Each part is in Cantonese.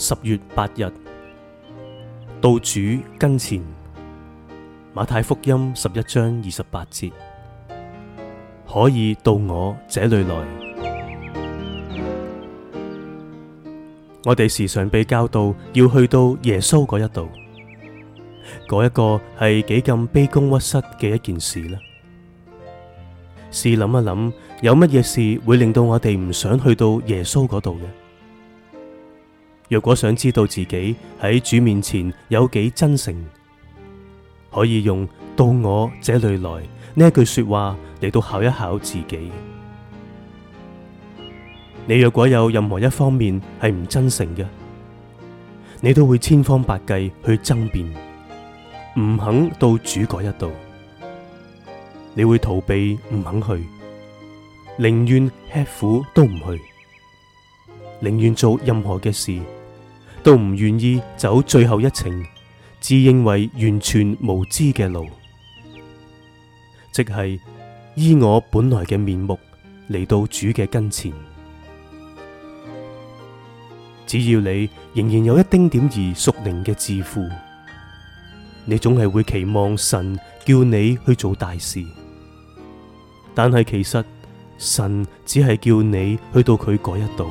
十月八日，到主跟前。馬太福音十一章二十八節，可以到我這裏來。我哋時常被教導要去到耶穌嗰一度，嗰一個係幾咁卑躬屈膝嘅一件事呢。試諗一諗，有乜嘢事會令到我哋唔想去到耶穌嗰度嘅？若果想知道自己喺主面前有幾真誠，可以用到我這裏來呢一句說話嚟到考一考自己。你若果有任何一方面係唔真誠嘅，你都會千方百計去爭辯，唔肯到主嗰一度，你會逃避，唔肯去，寧願吃苦都唔去，寧願做任何嘅事。都唔願意走最後一程，自認為完全無知嘅路，即係依我本來嘅面目嚟到主嘅跟前。只要你仍然有一丁點而屬靈嘅自負，你總係會期望神叫你去做大事，但係其實神只係叫你去到佢嗰一度。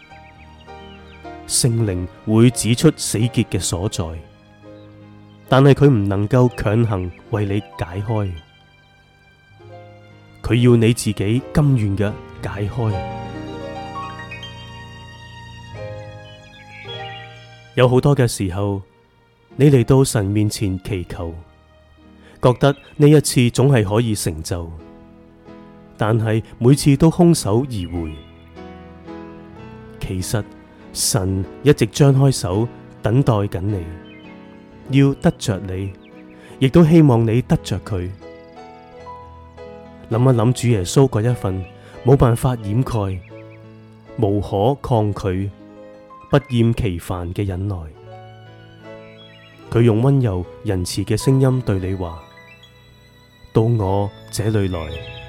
聖靈會指出死結嘅所在，但係佢唔能夠強行為你解開。佢要你自己甘願嘅解開。有好多嘅時候，你嚟到神面前祈求，覺得呢一次總係可以成就，但係每次都空手而回。其實。神一直張開手等待緊你，要得着你，亦都希望你得着佢。諗一諗主耶穌嗰一份冇辦法掩蓋、無可抗拒、不厭其煩嘅忍耐。佢用溫柔仁慈嘅聲音對你話：到我這裏來。